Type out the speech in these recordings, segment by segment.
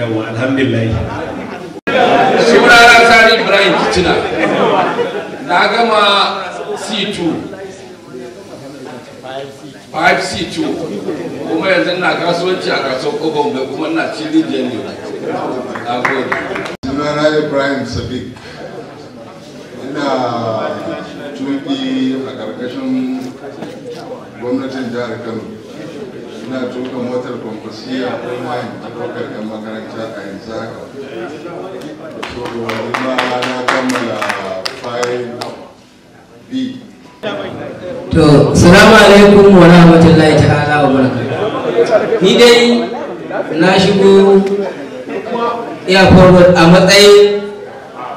yawa alhamdulillah shimrara sani ibrahim kicina na gama c2 5c2 kuma yanzu na kasuwanci a kasuwar kogon bai kuma na cili jenny a gode sunana ibrahim sadiq ina tuki a ƙarƙashin gwamnatin jihar kano ina tuka motar kwankwasiya kuma in ɗaukar yan makaranta a yanzu haka so wani ma na kammala fayil b to salamu alaikum wa rahmatullahi ta'ala wa barakatuh ni dai na shigo ya forward a matsayin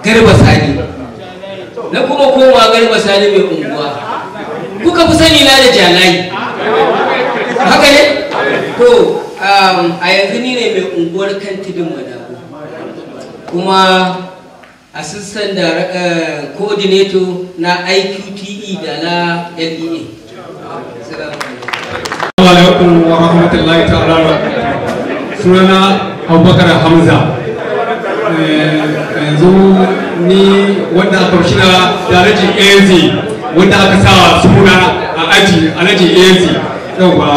garba sani na kuma kowa garba sani mai unguwa kuka fi sani na da jalayi haka ne to um, a yanzu ni ne mai unguwar kan tudun madabu kuma asistan da uh, coordinator na iqte da na lea wa rahmatullahi ta'ala sunana abubakar hamza eh, yanzu ni wanda a kamshi na darajin anz wanda aka sa suna a aji a anz yauwa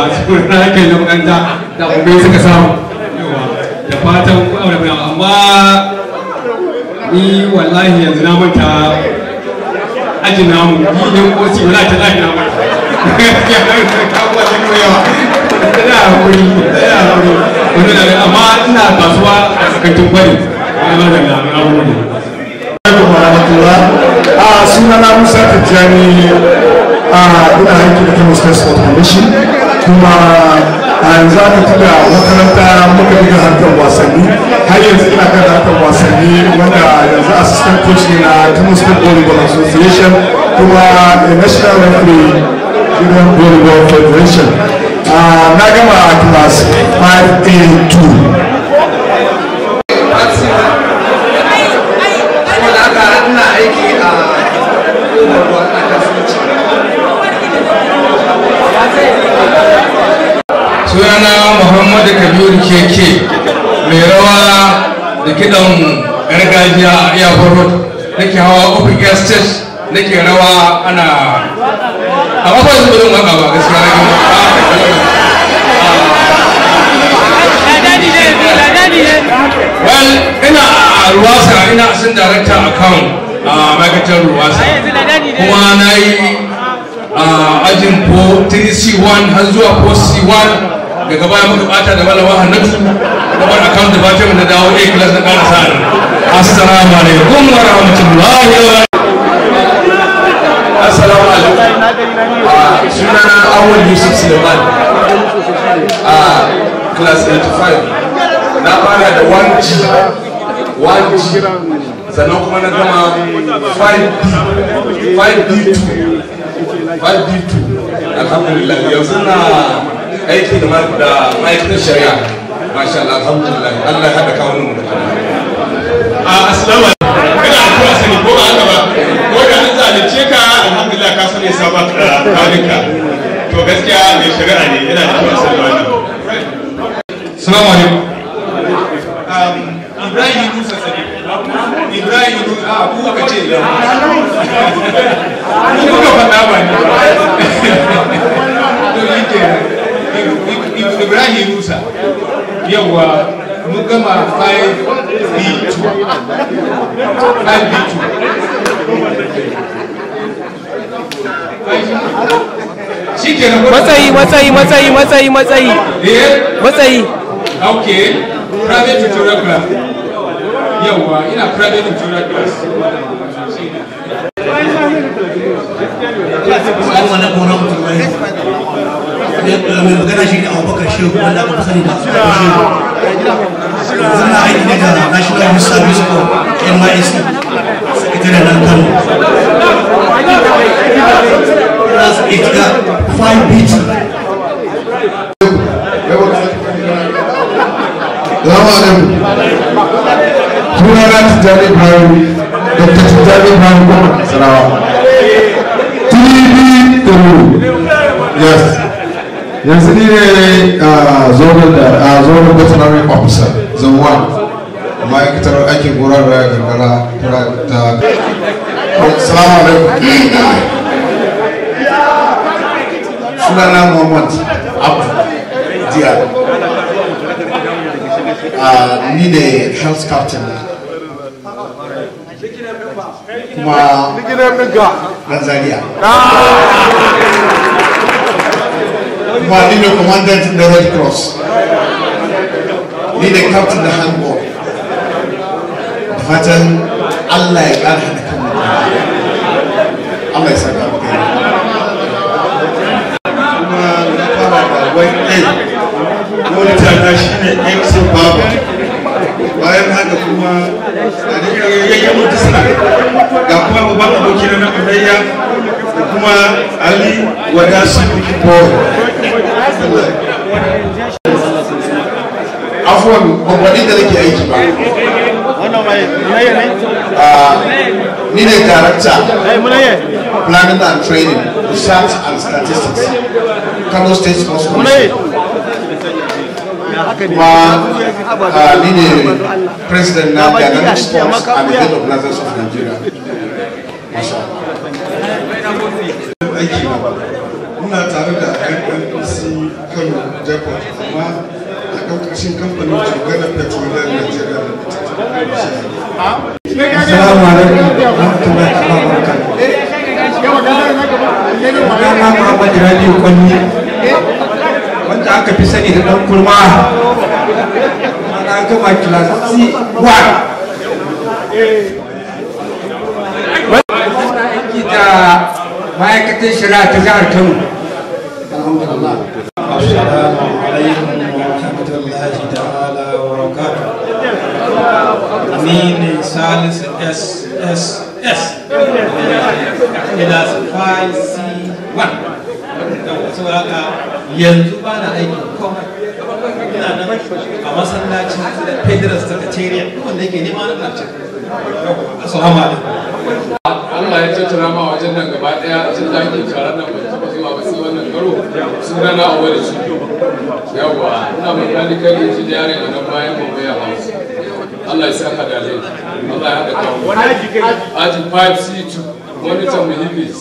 na ake na makanta da abubuwa suka samu yauwa da fatan aure mai amma ni wallahi yanzu na manta aji namu yi ne kosi wala ta lafi na manta kawo ta kuma yawa tana hakuri tana hakuri amma ina kasuwa a sakantun bari wani ma da na na wuri. Assalamu alaikum Ah sunana Musa Tijjani ina aiki da kano space kuma a yanzu aka tuka makaranta muka diga harkar wasanni har yanzu ina kan harkar wasanni wanda yanzu assistant coach ne na kano state association kuma national referee gidan volleyball federation na gama class 5a mai rawa da kiɗan gargajiya a iyakar road nake hawa open stage nake rawa ana a ba su gudun waka ba gaskiya na gina well ina a ruwasa ina sun director account a ma'aikatar ruwasa kuma na yi ajin 3c1 har zuwa 4c1 daga baya muka bata da malama hannun da a account da fatima da dawo a eh, class na kara sa'ar assalamu alaikum wa rahmatullahi wa assalamu alaikum yusuf a ah, class 85 na fara da 1g 1g sannan kuma na gama 5d 5d2 5d2 alhamdulillah na. aiki da ma'aikatar shari'a masha Allah alhamdulillah Allah ya haɗa kawo mu da a asalama kana addu'a sani ko ba haka ba ko da an zalunce ka alhamdulillah ka sani saba ka kalinka to gaskiya mai shari'a ne yana da kyau a sani wannan assalamu alaikum matsayi matsayi matsayi matsayi matsayi matsayi ok private tutorial class yawa ina private tutorial class mai magana shi ne abubakar shehu wanda aka sani da su shehu zana aiki daga national youth service corps nysc international class ìtura five bt. Sunana Tijjani Ibrahim, Dr. Tijjani Ibrahim Goma, Sarawa. TV Toro. Yes. Yanzu ni ne a uh, zonar da uh, a zonar veterinary officer, zan one. ma'aikatar aikin goron raya karkara ta salamu alaikum sunana muhammad abu jiya ah, ni ne health captain kuma na zaria kuma ni ne commandant na red cross ni ne captain na handball fatan Allah ya ƙara haɗa kan mu Allah ya saka maka yi kuma na fara da wani ɗai wani tana shi ne mc baba bayan haka kuma a da yayyan mutu suna ga kuma babban aboki na alayya da kuma ali wadasu boro afuwan babbaɗin da nake aiki ba ni ne director planning and training research and statistics kano state sports commission kuma ni ne president na dynamic sports and head iya. of ladders of nigeria aiki muna tare da nnpc kano a petroleum nigeria Assalamu Rabiu aka fi sani da dan kurma. Ana ma'aikatan shari'a ta jihar Kano. Alhamdulillah. Assalamu alaikum Mini, S, S, S. It has five c1 saboda haka yanzu ba na aikin komai ina nan a masallacin federal secretariat wanda yake nema na ƙarshen assalamu alaikum Allah ya tattara ma wajen nan gaba daya a cikin dakin taron nan bai taɓa zuwa ba sai wannan karo suna na abuwa da shi yawwa ina mai kalikan injiniyari a nan bayan mamaye hausa Allah ya saka da Allah ya haɗa kawo. Wani aji kai? 5C2 wani monitor muhimmi